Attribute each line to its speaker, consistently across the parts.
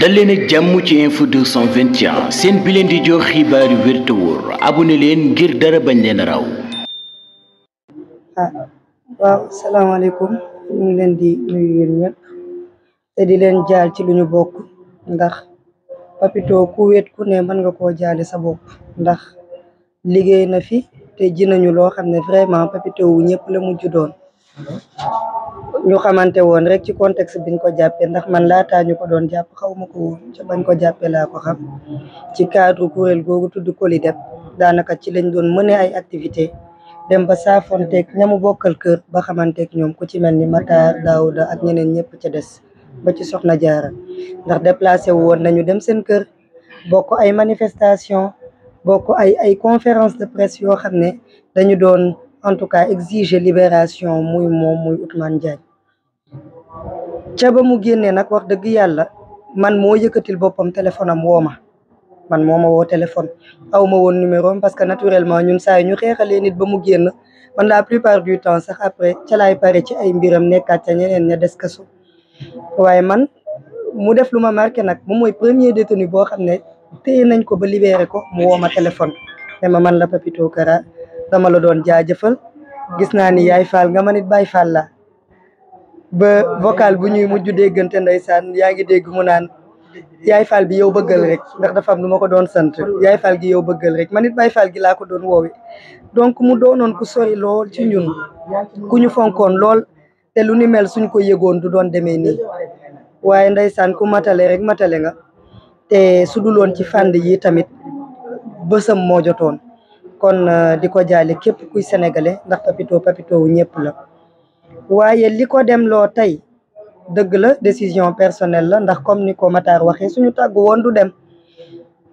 Speaker 1: dal leen ak jàmm ci info 221 seen bi leen di jox xibaar yu wér te wóor abonné leen ngir dara bañ leen raw. ah waaw salaamaaleykum ñu ngi leen di nuyu yéen ñëpp te di leen jaal ci luñu bokk ndax papitoo ku wéet ku ne mën nga koo jaale sa bopp ndax liggéey na fi te ji nañu loo xam ne vraiment papito wu ñëpp la mujj doon. ñu xamante woon rek ci contexte biñ ko jàppee ndax man laataa ñu ko doon jàpp xawma ma ko woon ca bañ ko jàppee laa ko xam ci cadre kuréel googu tudd Kolideb daanaka ci lañ doon mëne ay activité dem ba saafonteeg ñamu bokkal kër ba xamanteeg ñoom ku ci mel ni Matar Daouda ak ñeneen ñëpp ca des ba ci Soxna Jaara ndax déplacé wu woon nañu dem seen kër bokk ay manifestation bokk ay ay conférence de presse yoo xam ne dañu doon en tout cas exiger libération muy moom muy Ousmane ca ba mu génnee nag wax dëgg yàlla man moo yëkkatil boppam téléphone am woo ma man moo ma woo téléphone aw ma woon numéro parce que naturellement ñun saa ñu xeexalee nit ba mu génn man la plupart du temps sax après ca laay pare ci ay mbiram nekkaat ca ñeneen ña des kaso waaye man mu def lu ma marqué nag moom mooy premier détenu boo xam ne téye nañ ko ba libéré ko mu woo ma téléphone ne ma man la Papito Kara dama la doon jaajëfal gis naa ni yaay faal nga ma nit bàyyi faal ba vocal bu ñuy mujj déggante ndeysaan yaa ngi dégg mu naan yaay faal bi yow bëggal rek ndax dafa am lu ma ko doon sant yaay faal gi yow bëggal rek man it fal faal gi laa ko doon woowe donc mu doonoon ku sori lool ci ñun ku ñu fonkoon lool te lu ni mel suñ ko yëgoon du doon demee nii waaye ndeysaan ku matale rek matale nga te su duloon ci fànn yi tamit bësam moo jotoon kon euh, di ko jaale képp kuy sénégalais ndax papito papito wu ñëpp la waaye li ko dem loo tey dëgg la décision personnelle la ndax comme ni ko Matar waxee suñu tàgg woon du dem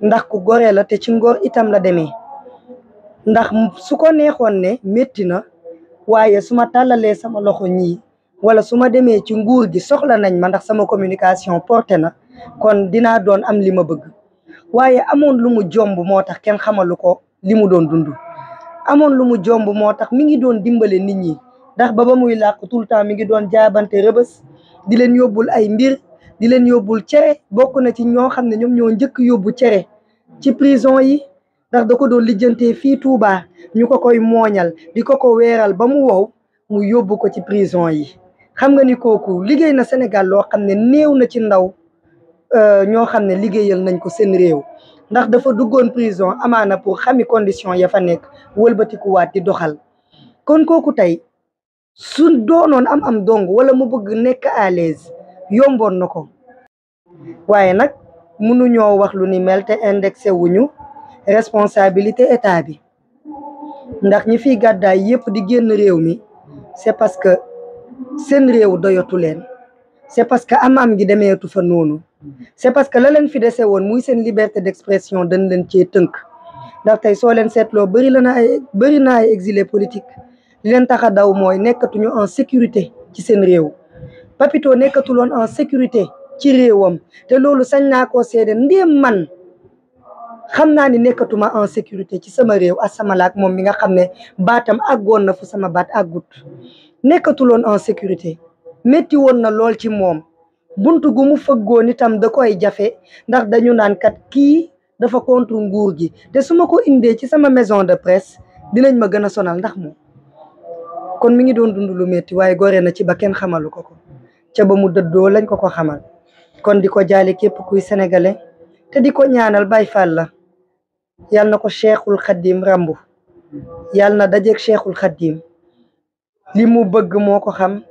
Speaker 1: ndax ku gore la te ci ngor itam la demee ndax su ko neexoon ne métti na waaye su ma tàllalee sama loxo ñii wala su ma demee ci nguur gi soxla nañ ma ndax sama communication porté na kon dinaa doon am li ma bëgg waaye amoon lu mu jomb moo tax kenn xamalu ko li mu doon dund amoon lu mu jomb moo tax mi ngi doon dimbale nit ñi ndax ba ba muy làq tout le temps mi ngi doon jaabante rëbës di leen yóbbul ay mbir di leen yóbbul cere bokk na ci ñoo xam ne ñoom ñoo njëkk yóbbu cere ci prison yi ndax da ko doon lijjantee fii Touba ñu ko koy mooñal di ko ko weeral ba mu wow mu yóbbu ko ci prison yi xam nga ni kooku liggéey na Sénégal loo xam ne néew na ci ndaw euh, ñoo xam ne liggéeyal nañ ko seen réew ndax dafa duggoon prison amaana pour xami condition ya fa nekk wëlbatikuwaat di doxal tey su doonoon am am dong wala mu bëgg nekk à l'aise yomboon na ko waaye nag mënuñoo wax lu ni melte te indexé wuñu responsabilité état bi ndax ñi fi gàddaay yépp di génn réew mi c'est parce que seen réew doyatu leen c'est parce que amaam gi demeetu fa noonu c'est parce que la leen fi dese woon muy seen liberté d'expression dañ leen cee tënk ndax tey soo leen seetloo bëri la na ay bëri na ay politique li leen tax a daw mooy nekkatuñu en sécurité ci seen réew Papito nekkatuloon en sécurité ci réewam te loolu sañ naa koo seede ndéem man xam naa ni nekkatuma en sécurité ci sama réew ak sama laak moom mi nga xam ne baatam àggoon na fu sama baat ag àggut nekkatuloon en sécurité métti woon na lool ci moom buntu gumu mu fëggoon itam da koy jafe ndax dañu naan kat kii dafa contre nguur gi te su ma ko indee ci sama maison de presse dinañ ma gën a sonal ndax moom kon mi ngi doon dund lu métti waaye gore na ci ba kenn xamalu ko ko ca ba mu dëddoo lañ ko ko xamal kon di ko jaale képp kuy senegale te di ko ñaanal bay Faal la yal na ko Cheikhul Khadim rambu yal na dajeeg Cheikhul Khadim li mu bëgg moo ko xam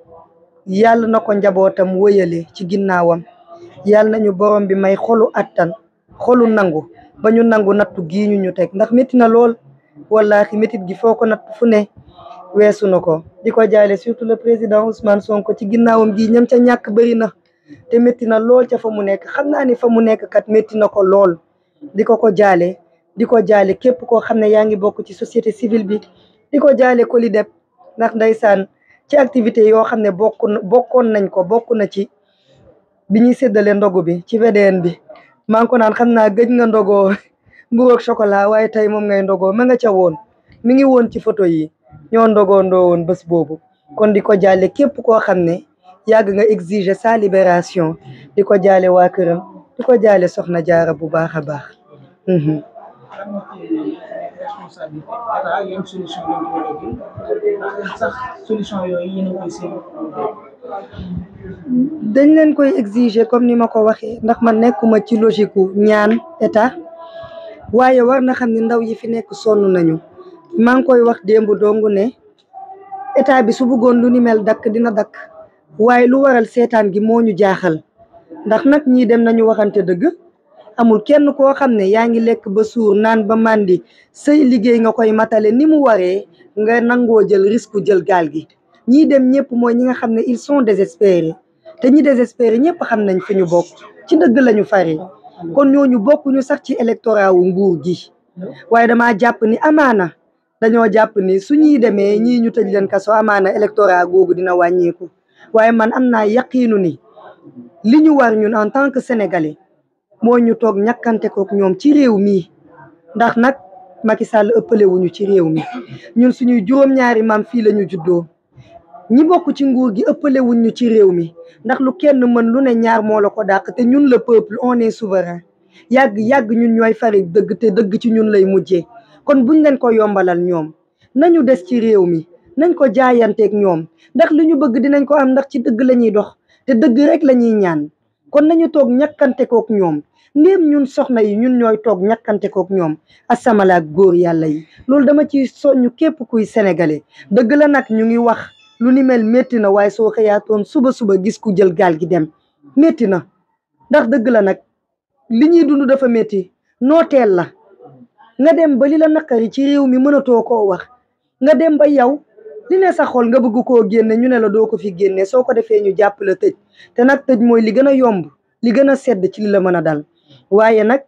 Speaker 1: yal na ko njabootam woyale ci ginnaawam yal nañu borom bi may xolu attan xolu nangu ba ñu nangu nattu gi ñu ñu teg ndax métti na lool wallaahi métit gi fooko ko natt fu ne weesu na ko di ko jaale surtout le président Ousmane sonk ci ginnaawam gi ñam ca ñàkk bëri na te métti na lool ca fa mu nekk xam naa ni fa mu nekk kat métti na ko lool di ko ko jaale di ko jaale képp koo xam ne yaa ngi bokk ci société civile bi di ko jaale Colideb ndax ndeysaan ci activité yoo xam ne bokk bokkoon nañ ko bokk na ci bi ñuy séddale ndogu bi ci VDN bi maa ngi ko naan xam naa gëj nga ndogoo mburu ak chocolat waaye tey moom ngay ndogoo ma nga ca woon mi ngi woon ci photo yi ñoo ndogandoo woon bés boobu kon di ko jaale képp koo xam ne yàgg nga exiger sa libération di ko jaale waa këram di ko jaale soxna jaara bu baax a baax mhm. dañ leen koy exiger comme ni ma ko waxee ndax man nekkuma ci logique ñaan état waaye war na xam ne ndaw yi fi nekk sonn nañu maa ngi koy wax démb dongu ne état bi su bëggoon lu ni mel dakk dina dakk waaye lu waral seetaan gi moo ñu jaaxal ndax nag ñii dem nañu waxante dëgg amul kenn koo xam ne yaa ngi lekk ba suur naan ba màndi say liggéey nga koy matale ni mu waree nga nangoo jël risque jël gaal gi ñii dem ñëpp mooy ñi nga xam ne ils sont désespérés te ñi désespérés ñëpp xam nañ fi ñu bokk ci dëgg lañu fare kon ñooñu bokkuñu sax ci électorat wu nguur gi waaye dama jàpp ni dañoo jàpp ni su ñuy demee ñii ñu tëj leen kaso amaana électorat googu dina wàññeeku waaye man am naa yaqiinu ni li ñu war ñun en tant que sénégalais moo ñu toog ñàkkante kook ñoom ci réew mii ndax nag Macky Sall ëppale ci réew mi ñun suñuy juróom maam fii la ñu juddoo ñi bokk ci nguur gi ëppale wuñu ci réew mi ndax lu kenn mën lu ne ñaar moo la ko dàq te ñun le peuple on est souverain yàgg yàgg ñun ñooy fari dëgg te dëgg ci ñun lay mujjee kon buñ leen ko yombalal ñoom nañu des ci réew mi nañ ko jaayanteek ñoom ndax li ñu bëgg dinañ ko am ndax ci dëgg la ñuy dox te dëgg rek la ñuy ñaan kon nañu toog ñàkkante ñoom ndéem ñun soxna yi ñun ñooy toog ñàkkante ñoom asamala ak góor yàlla yi loolu dama ci soñu képp kuy sénégalais dëgg la nag ñu ngi wax lu ni mel metti na waaye soo xëyaatoon suba suba gis ku jël gaal gi dem métti na ndax dëgg la nag li ñuy dund dafa métti nooteel la nga dem ba li la naqari ci réew mi mën mënatoo koo wax nga dem ba yow li ne sa xol nga bëgg koo génne ñu ne la doo ko fi génne soo ko defee ñu jàpp la tëj te nag tëj mooy li gën a yomb li gën a sedd ci li la mën a dal waaye nag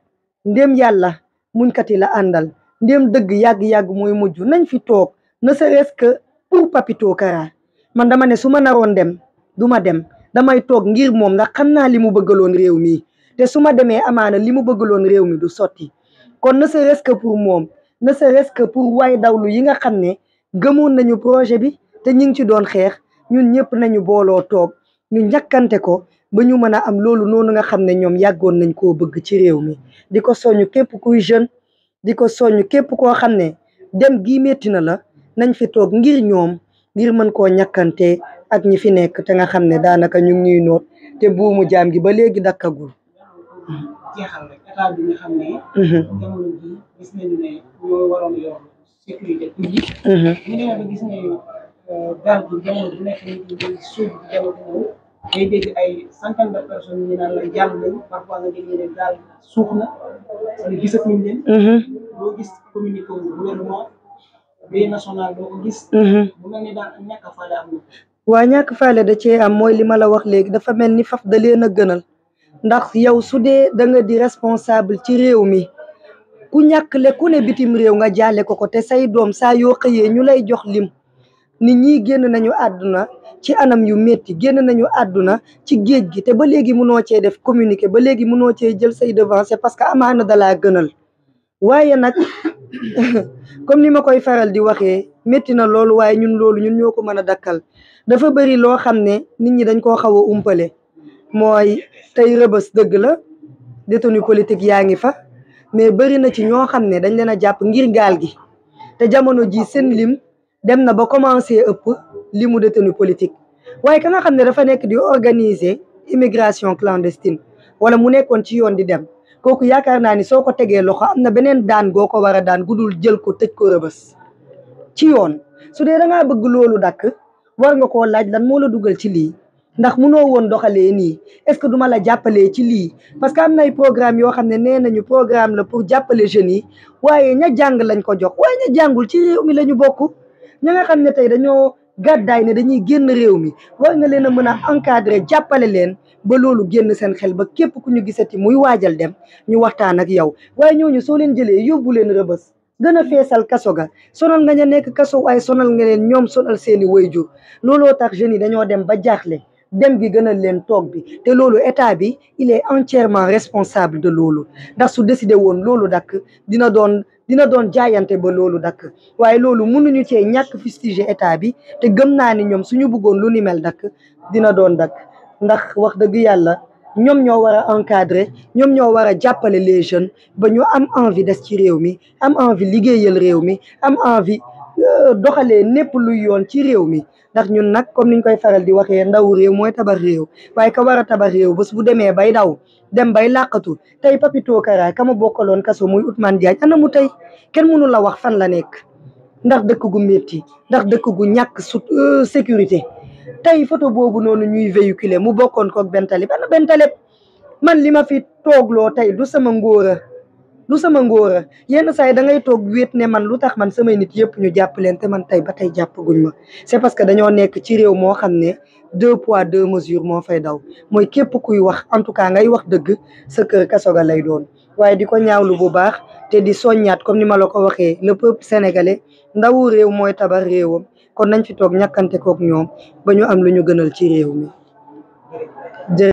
Speaker 1: ndéem yàlla muñkati la àndal ndéem dëgg yàgg-yàgg mooy mujj nañ fi toog na serait-ce que pour Papito Kara man dama ne su ma naroon dem duma dem damay toog ngir moom ndax xam naa li mu bëggaloon réew mi te su ma demee amaana li mu bëggaloon réew mi du sotti kon ne serait-ce que pour moom ne serait-ce que pour waay dawlu yi nga xam ne gëmoon nañu projet bi te ñu ngi ci doon xeex ñun ñëpp nañu booloo toog ñu ñàkkante ko ba ñu mën a am loolu noonu nga xam ne ñoom yàggoon nañ koo bëgg ci réew mi di ko soñu képp kuy jeune di ko soñu képp koo xam ne dem gi métti na la nañ fi toog ngir ñoom ngir mën koo ñàkkante ak ñi fi nekk te nga xam ne daanaka ñu ngi ñuy noot te buumu jaam gi ba léegi dakkagul jeexal rek état bi mhm. mhm. euh, mhm. waa ñàkk faale da cee am mooy li ma la wax léegi dafa mel ni faf da leen a gënal. ndax yow su dee danga di responsable ci réew mi ku ñàkkle ku ne bitim réew nga jaale ko ko te say doom saa yoo xëyee ñu lay jox lim nit ñi génn nañu àdduna ci anam yu métti génn nañu àdduna ci géej gi te ba léegi noo cee def communiqué ba léegi mënoo cee jël say devant parce que amaana dalaa gënal waaye nag comme ni ma koy faral di waxee métti na loolu waaye ñun loolu ñun ñoo ko mën a dakkal dafa bëri loo xam ne nit ñi dañ koo xaw a umpale mooy tey rëbës dëgg la détenu politique yaa ngi fa mais bëri na ci ñoo xam ne dañ leen a jàpp ngir gaal gi te jamono ji seen lim dem na ba commencé ëpp limu détenu politique waaye ka nga xam ne dafa nekk di organiser immigration clandestine wala mu nekkoon ci yoon di dem kooku yaakaar naa ni soo ko tegee loxo am na beneen daan goo ko war daan daan dul jël ko tëj ko rëbës ci yoon su dee da ngaa bëgg loolu dakk war nga ko laaj lan moo la dugal ci lii ndax munoo woon doxalee nii est-ce que duma la jàppalee ci lii parce que am na programme yoo xam ne nee nañu programme la pour jàppale jeunes yi waaye ña jàng lañ ko jox waaye ña jàngul ci réew mi la ñu bokk ña nga xam ne tey dañoo gàddaay ne dañuy génn réew mi war nga leen a mën a encadrer jàppale leen ba loolu génn seen xel ba képp ku ñu gisati muy waajal dem ñu waxtaan ak yow waaye ñooñu soo leen jëlee yóbbu leen rëbës gën a feesal kaso ga sonal nga nekk kaso waaye sonal nga leen ñoom sonal seeni wayjur looloo tax jeunes yi dañoo dem ba jaaxle dem gi gënal leen toog bi te loolu état bi il est entièrement responsable de loolu ndax su décidé woon loolu dakk dina doon dina doon jaayante ba loolu dakk waaye loolu mun mënuñu cee ñàkk fustiger état bi te gëm naa ni ñoom suñu bëggoon lu ni mel dakk dina doon dakk ndax wax dëgg yàlla ñoom ñoo war a encadrer ñoom ñoo war a jàppale les jeunes ba ñu am envie des ci réew mi am envie liggéeyal réew mi am envie Euh, doxalee népp luy yoon ci réew mi ndax ñun nag comme niñ koy faral di waxee ndaw réew mooy tabax réew waaye ka war a tabax réew bés bu demee bay daw dem bay làqatu tey Papito Kara kama bokkaloon kaso muy Ousmane Diagne ana mu tey kenn mënu la wax fan la nekk ndax dëkk gu métti ndax dëkk gu ñàkk su euh, sécurité tey photo boobu noonu ñuy véhiculer mu bokkoon koog benn talib ana benn talib man li ma fi toogloo tey du sama ngóora du sama ngóora yenn saa yi da ngay toog wet ne man lu tax man samay nit yëpp ñu jàpp leen te man tey ba tey jàppaguñ ma c'est parce que dañoo nekk ci réew moo xam ne deux poids deux mesures moo fay daw mooy képp kuy wax en tout cas ngay wax dëgg sa kër kaso ga lay doon waaye di ko lu bu baax te di soññaat comme ni ma la ko waxee le peuple sénégalais ndawu réew mooy tabar réewam kon nañ fi toog ñàkkante kook ñoom ba ñu am lu ñu gënal ci réew mi